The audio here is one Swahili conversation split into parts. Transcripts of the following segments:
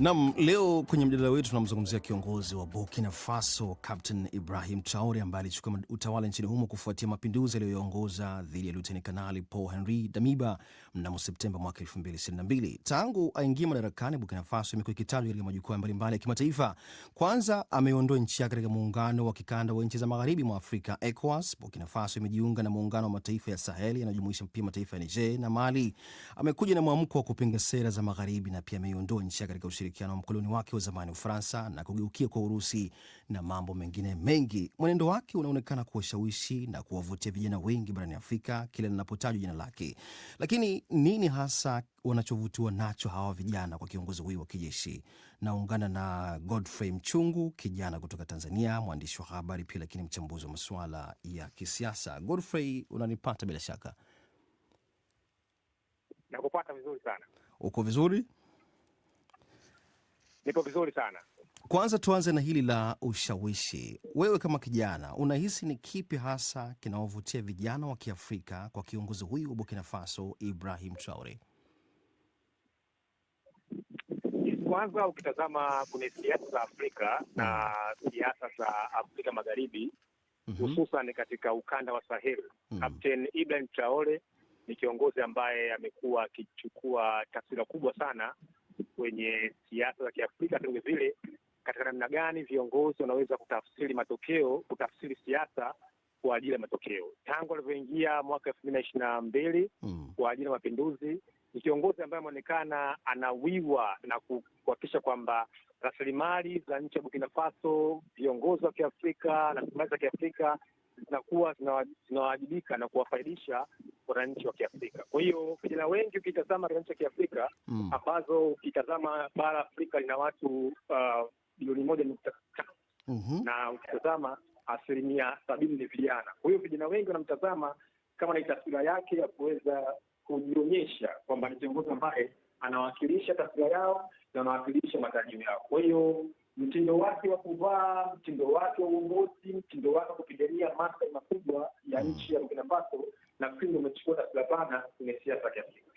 Nam, leo kwenye mjadala wetu tunamzungumzia kiongozi wa Burkina Faso Captain Ibrahim Traore ambaye alichukua utawala nchini humo kufuatia mapinduzi aliyoongoza dhidi ya Luteni Kanali Paul Henri Damiba mnamo Septemba mwaka 2022. Tangu aingie madarakani, Burkina Faso imekuwa ikitajwa katika majukwaa mbalimbali ya kimataifa. Kwanza ameondoa nchi yake katika muungano wa kikanda wa nchi za magharibi mwa Afrika, ECOWAS. Burkina Faso imejiunga na muungano wa mataifa ya Saheli yanayojumuisha pia mataifa ya Niger na Mali. Amekuja na mwamko wa kupinga sera za magharibi na pia ameiondoa nchi yake katika ushirikiano wa mkoloni wake wa zamani Ufaransa na kugeukia kwa Urusi na mambo mengine mengi. Mwenendo wake unaonekana kuwashawishi na kuwavutia vijana wengi barani Afrika kila linapotajwa jina lake. Lakini nini hasa wanachovutiwa nacho hawa vijana kwa kiongozi huyu wa kijeshi? Naungana na Godfrey Mchungu, kijana kutoka Tanzania, mwandishi wa habari pia, lakini mchambuzi wa masuala ya kisiasa. Godfrey, unanipata bila shaka? Nakupata vizuri sana. Uko vizuri? nipo vizuri sana. Kwanza tuanze na hili la ushawishi. Wewe kama kijana, unahisi ni kipi hasa kinaovutia vijana wa Kiafrika kwa kiongozi huyu wa Burkina Faso Ibrahim Traore? Kwanza ukitazama kwenye siasa za Afrika na mm. siasa za Afrika Magharibi mhm. hususan mm -hmm. katika ukanda wa Sahel mm -hmm. Kapteni Ibrahim Traore ni kiongozi ambaye amekuwa akichukua taswira kubwa sana kwenye siasa za Kiafrika vile vile, katika namna gani viongozi wanaweza kutafsiri matokeo, kutafsiri siasa kwa ajili ya matokeo. Tangu alivyoingia mwaka elfu mbili na ishiri na mbili mm. kwa ajili ya mapinduzi, ni kiongozi ambaye ameonekana anawiwa na kuhakikisha kwamba rasilimali za nchi ya bukina Faso, viongozi wa Kiafrika, rasilimali za Kiafrika zinakuwa zinawajibika na kuwafaidisha wananchi wa Kiafrika. Kwa hiyo vijana wengi ukitazama wananchi wa Kiafrika mm. ambazo ukitazama bara Afrika lina watu uh, bilioni uh, moja nukta tano mm -hmm. na ukitazama asilimia sabini ni vijana. Kwa hiyo vijana wengi wanamtazama kama ni taswira yake ya kuweza kujionyesha kwamba ni kiongozi ambaye anawakilisha taswira yao na anawakilisha matarajio yao. Kwa hiyo mtindo wake wa kuvaa, mtindo wake wa uongozi, mtindo wake wa kupigania maslahi makubwa ya mm. nchi ya Burkina Faso nafikiri umechukua taswira pana kwenye siasa kiafrika.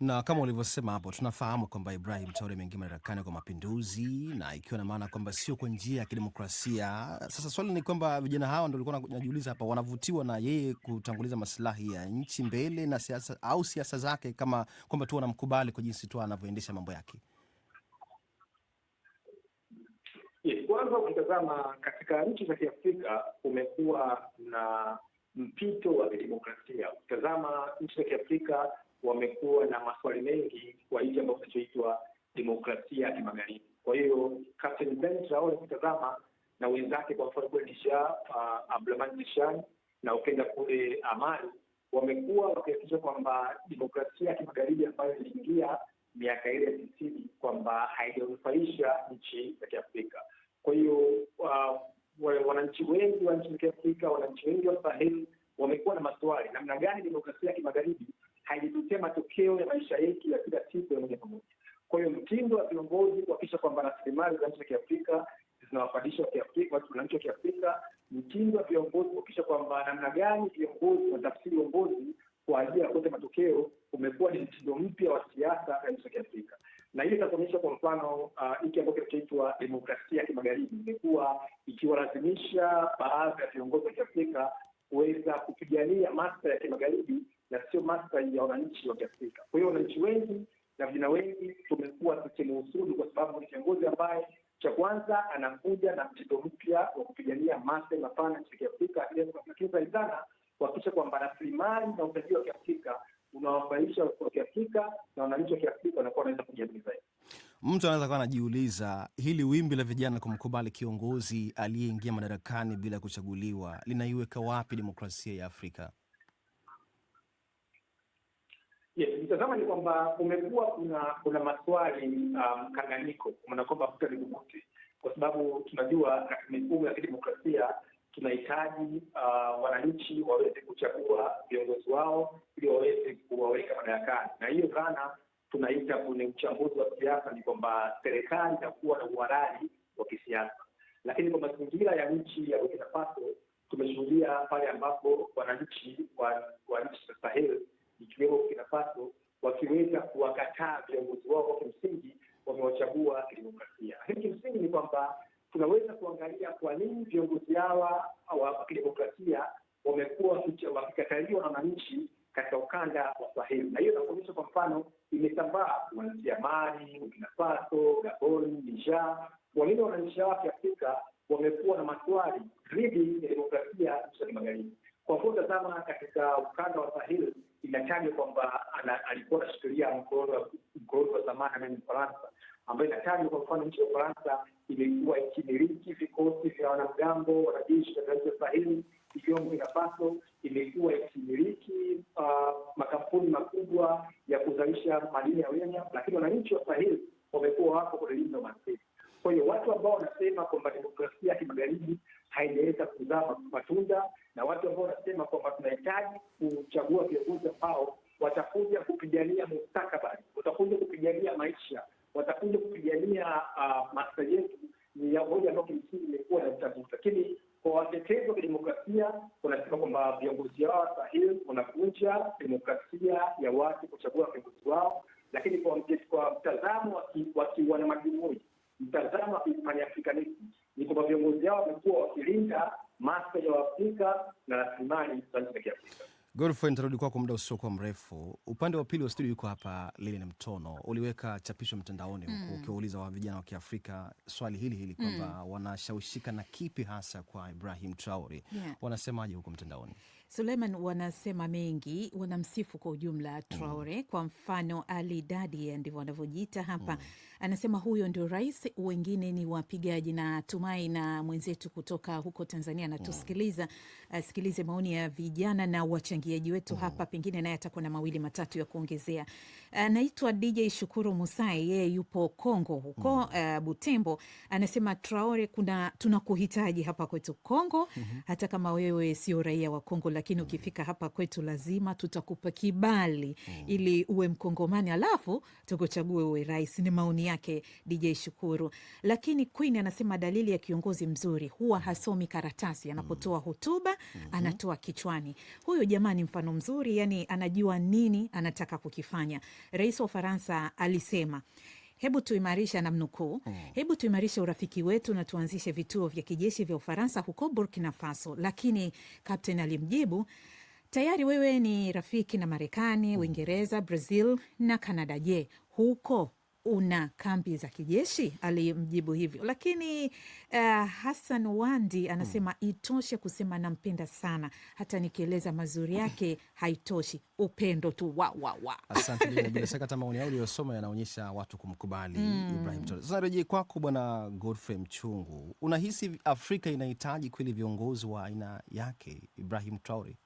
Na kama ulivyosema hapo, tunafahamu kwamba Ibrahim Traore ameingia madarakani kwa mapinduzi, na ikiwa na maana kwamba sio kwa njia ya kidemokrasia. Sasa swali ni kwamba vijana hawa ndio walikuwa wanajiuliza hapa, wanavutiwa na yeye kutanguliza maslahi ya nchi mbele na siasa au siasa zake, kama kwamba tu wanamkubali kwa jinsi tu anavyoendesha mambo yake. Kwanza ukitazama katika nchi za Kiafrika kumekuwa na mpito wa kidemokrasia. Ukitazama nchi za Kiafrika wamekuwa na maswali mengi kwa hiki ambacho kinachoitwa demokrasia ya kimagharibi. Kwa hiyo Captain Ben Traore ukitazama na wenzake, kwa mfano kule Niger, uh, na ukenda kule uh, Amani, wamekuwa wakihakikisha kwamba demokrasia ya kimagharibi ambayo iliingia miaka ile ya tisini kwamba haijanufaisha nchi za Kiafrika. Kwa hiyo uh, wananchi wengi wa nchi za Kiafrika, wananchi wengi wa Sahel wamekuwa na maswali namna gani demokrasia ya kimagharibi haijipitia matokeo ya maisha yetu ya kila siku ya moja kwa moja. Kwa hiyo mtindo wa viongozi kuhakikisha kwamba rasilimali za nchi za Kiafrika zinawafadisha wananchi wa Kiafrika, mtindo wa viongozi kuhakikisha kwamba namna gani mfano uh, hiki ambacho kinachoitwa demokrasia ya kimagharibi imekuwa ikiwalazimisha baadhi ya viongozi wa Kiafrika kuweza kupigania maslahi ya kimagharibi na sio maslahi ya wananchi wa Kiafrika. Kwa hiyo wananchi wengi na vijana wengi tumekuwa tukimuhusudu kwa sababu ni kiongozi ambaye cha kwanza anakuja na mtindo mpya wa kupigania maslahi mapana nchini Kiafrika, lakini zaidi sana kuhakikisha kwamba rasilimali na utajiri wa Kiafrika unawafaidisha kwa Kiafrika na wananchi wa Kiafrika wanakuwa wanaweza kujiamini zaidi. Mtu anaweza kuwa anajiuliza hili wimbi la vijana kumkubali kiongozi aliyeingia madarakani bila kuchaguliwa linaiweka wapi demokrasia ya Afrika? Yes, mtazama ni kwamba kumekuwa kuna kuna maswali um, mkanganyiko, um, kwamba ni nikuvute, kwa sababu tunajua mifumo ya kidemokrasia tunahitaji uh, wananchi waweze kuchagua viongozi wao ili waweze kuwaweka madarakani, na hiyo dhana tunaita kwenye uchambuzi wa kisiasa ni kwamba serikali itakuwa na uhalali wa kisiasa. Lakini kwa mazingira ya nchi ya Burkina Faso tumeshuhudia pale ambapo wananchi wa nchi za Sahel Niger, walinde wananchi wa Afrika wamekuwa na maswali dhidi ya demokrasia hususani magharibi. Kwa mfano, tazama katika ukanda wa Sahel, inatajwa kwamba alikuwa anashikilia mkoloni wa zamani ambaye ni Ufaransa, ambayo inatajwa kwa mfano, nchi ya Ufaransa imekuwa ikimiliki vikosi vya wanamgambo wanajeshi katika nchi ya Saheli ikiwemo Burkina Faso, imekuwa ikimiliki uh, makampuni makubwa ya kuzalisha madini ya uranium, lakini wananchi wa Saheli kwamba yetu ni ya hoja ambayo kimsingi imekuwa na utatizo, lakini kwa watetezi wa demokrasia wanasema kwamba viongozi hao sahihi wanavunja demokrasia ya watu kuchagua Godfrey, nitarudi kwako muda usiokuwa mrefu. Upande wa pili wa studio yuko hapa Lili na Mtono, uliweka chapisho mtandaoni huko mm. ukiwauliza wa vijana wa Kiafrika swali hili hili kwamba mm. wanashawishika na kipi hasa kwa Ibrahim Traore, yeah. wanasemaje huko mtandaoni? Suleiman wanasema mengi, wanamsifu kwa ujumla Traore. Mm. Kwa mfano Ali Dadi, ndivyo wanavyojiita hapa. Mm. Anasema huyo ndio rais, wengine ni wapigaji. Na Tumai na mwenzetu kutoka huko Tanzania anatusikiliza. Mm. Asikilize maoni ya vijana na wachangiaji wetu mm. hapa, pengine naye atakuwa na mawili matatu ya kuongezea. Anaitwa DJ Shukuru Musai, yeye yupo Kongo huko mm. uh, Butembo. Anasema Traore, kuna tunakuhitaji hapa kwetu Kongo mm -hmm. hata kama wewe sio raia wa Kongo lakini mm. ukifika hapa kwetu lazima tutakupa kibali mm. ili uwe Mkongomani alafu tukuchague uwe rais. Ni maoni yake DJ Shukuru. Lakini Queen anasema dalili ya kiongozi mzuri huwa hasomi karatasi, anapotoa mm. hotuba mm -hmm. anatoa kichwani. Huyu jamaa ni mfano mzuri, yani anajua nini anataka kukifanya. Rais wa Ufaransa alisema hebu tuimarisha, namnukuu, hmm. hebu tuimarishe urafiki wetu na tuanzishe vituo vya kijeshi vya Ufaransa huko Burkina Faso. Lakini kapteni alimjibu tayari wewe ni rafiki na Marekani, hmm. Uingereza, Brazil na Kanada. Je, huko una kambi za kijeshi, alimjibu hivyo. Lakini uh, Hassan Wandi anasema mm, itoshe kusema nampenda sana, hata nikieleza mazuri yake haitoshi, upendo tu wa wa wa. Asante bila shaka hata maoni yao uliyosoma yanaonyesha watu kumkubali mm, Ibrahim Traore. Sasa rejee kwako Bwana Godfrey Mchungu, unahisi Afrika inahitaji kweli viongozi wa aina yake Ibrahim Traore?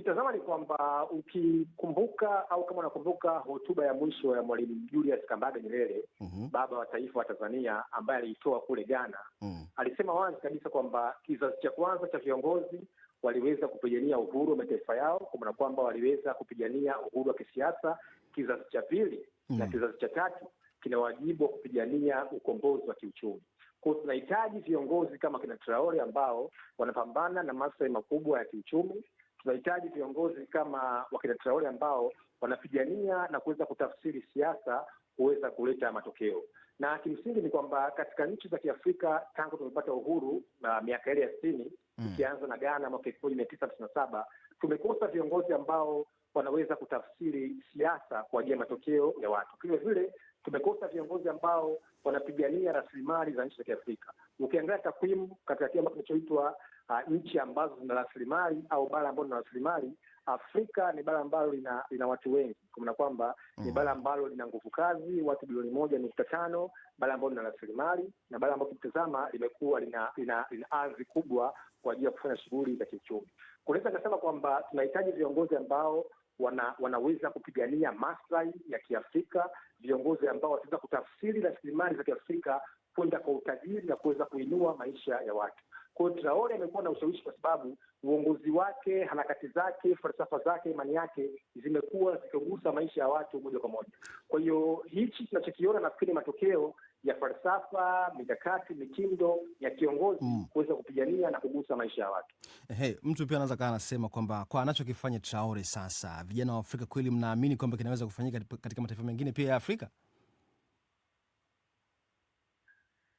Ukitazama ni kwamba ukikumbuka au kama unakumbuka hotuba ya mwisho ya Mwalimu Julius kambaga Nyerere mm -hmm. baba wa taifa wa Tanzania ambaye aliitoa kule Ghana mm -hmm. alisema wazi kabisa kwamba kizazi cha kwanza cha viongozi waliweza kupigania uhuru wa mataifa yao, kumana kwamba waliweza kupigania uhuru wa kisiasa. Kizazi cha pili mm -hmm. na kizazi cha tatu kina wajibu wa kupigania ukombozi wa kiuchumi. ko tunahitaji viongozi kama kina Traore ambao wanapambana na maslahi makubwa ya kiuchumi tunahitaji viongozi kama wakina Traore ambao wanapigania na kuweza kutafsiri siasa kuweza kuleta matokeo, na kimsingi ni kwamba katika nchi za Kiafrika tangu tumepata uhuru na uh, miaka ile ya sitini mm. ikianza na Ghana mwaka elfu moja mia tisa hamsini na saba tumekosa viongozi ambao wanaweza kutafsiri siasa kwa ajili ya matokeo ya watu. Vile vile tumekosa viongozi ambao wanapigania rasilimali za nchi za Kiafrika. Ukiangalia takwimu katika kile ambacho kinachoitwa uh, nchi ambazo zina rasilimali au bara ambalo lina rasilimali, Afrika ni bara ambalo lina, lina watu wengi kwa maana kwamba mm, ni bara ambalo lina nguvu kazi watu bilioni moja nukta tano bara ambalo lina rasilimali na bara ambalo kitazama limekuwa lina, lina, lina ardhi kubwa kwa ajili ya kufanya shughuli za kiuchumi. Kunaweza kasema kwamba tunahitaji viongozi ambao wana, wanaweza kupigania maslahi ya Kiafrika, viongozi ambao wataweza kutafsiri rasilimali za Kiafrika kwenda kwa utajiri na kuweza kuinua maisha ya watu. Kwa hiyo Traore amekuwa na ushawishi kwa sababu uongozi wake, harakati zake, falsafa zake, imani yake zimekuwa zikigusa maisha ya watu moja kwa moja. Kwa hiyo hichi tunachokiona, nafikiri matokeo ya falsafa, mikakati, mitindo ya kiongozi mm. kuweza kupigania na kugusa maisha ya watu. Hey, mtu pia anaweza kaa anasema kwamba kwa anachokifanya Traore sasa, vijana wa Afrika kweli mnaamini kwamba kinaweza kufanyika katika mataifa mengine pia ya Afrika?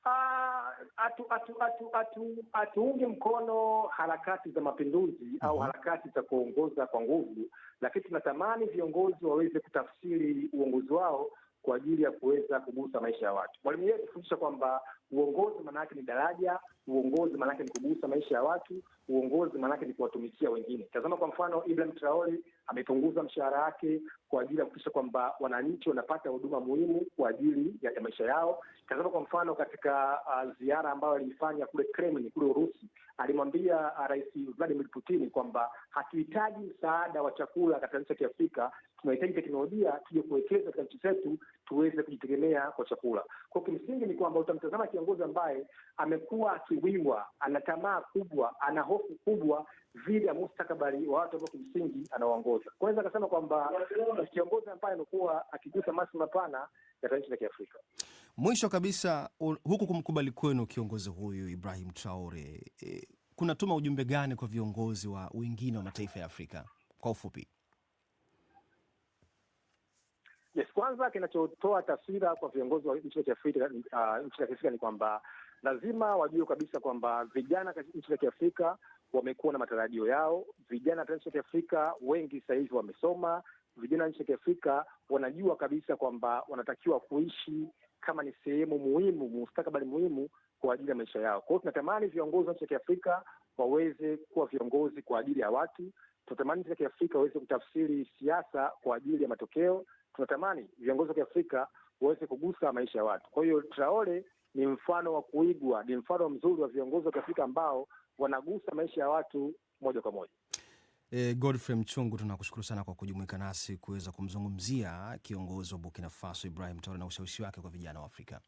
Ah, hatuungi mkono harakati za mapinduzi mm -hmm. au mhm. harakati za kuongoza kwa nguvu, lakini tunatamani viongozi waweze kutafsiri uongozi wao kwa ajili ya kuweza kugusa maisha ya watu. Mwalimu yeye atufundisha kwamba uongozi maana yake ni daraja Uongozi maanake ni kugusa maisha ya watu. Uongozi maanake ni kuwatumikia wengine. Tazama kwa mfano, Ibrahim traori amepunguza mshahara wake kwa ajili ya kuikisha kwamba wananchi wanapata huduma muhimu kwa ajili ya, ya maisha yao. Tazama kwa mfano katika uh, ziara ambayo aliifanya kule Kremlin kule Urusi, alimwambia uh, Rais Vladimir putini kwamba hatuhitaji msaada wa chakula katika nchi ya Kiafrika, tunahitaji teknolojia tuje kuwekeza katika nchi zetu tuweze kujitegemea kwa chakula. Kwa kimsingi ni kwamba utamtazama kiongozi ambaye amekuwa akiwiwa, ana tamaa kubwa, ana hofu kubwa dhidi ya mustakabali wa watu ambao kimsingi anawaongoza. Kwanza akasema kwamba kiongozi ambaye amekuwa akigusa masi mapana ya taifa la Kiafrika. Mwisho kabisa, huku kumkubali kwenu kiongozi huyu Ibrahim Traore, e, kunatuma ujumbe gani kwa viongozi wa wengine wa mataifa ya Afrika kwa ufupi? Yes, kwanza kinachotoa taswira kwa viongozi wa nchi za Kiafrika uh, ni kwamba lazima wajue kabisa kwamba vijana katika nchi za Kiafrika wamekuwa na matarajio yao. Vijana katika nchi za Kiafrika wengi sasa hivi wamesoma. Vijana nchi za Kiafrika wanajua kabisa kwamba wanatakiwa kuishi kama ni sehemu muhimu, mustakabali muhimu kwa ajili ya maisha yao. Kwa hiyo tunatamani viongozi wa nchi za Kiafrika waweze kuwa viongozi kwa ajili ya watu tunatamani nchi za Kiafrika waweze kutafsiri siasa kwa ajili ya matokeo. Tunatamani viongozi wa Kiafrika waweze kugusa maisha ya watu. Kwa hiyo Traore ni mfano wa kuigwa, ni mfano mzuri wa viongozi wa Kiafrika ambao wanagusa maisha ya watu moja kwa moja. E, Godfrey Mchungu, tunakushukuru sana kwa kujumuika nasi kuweza kumzungumzia kiongozi wa Burkina Faso Ibrahim tore na ushawishi wake kwa vijana wa Afrika.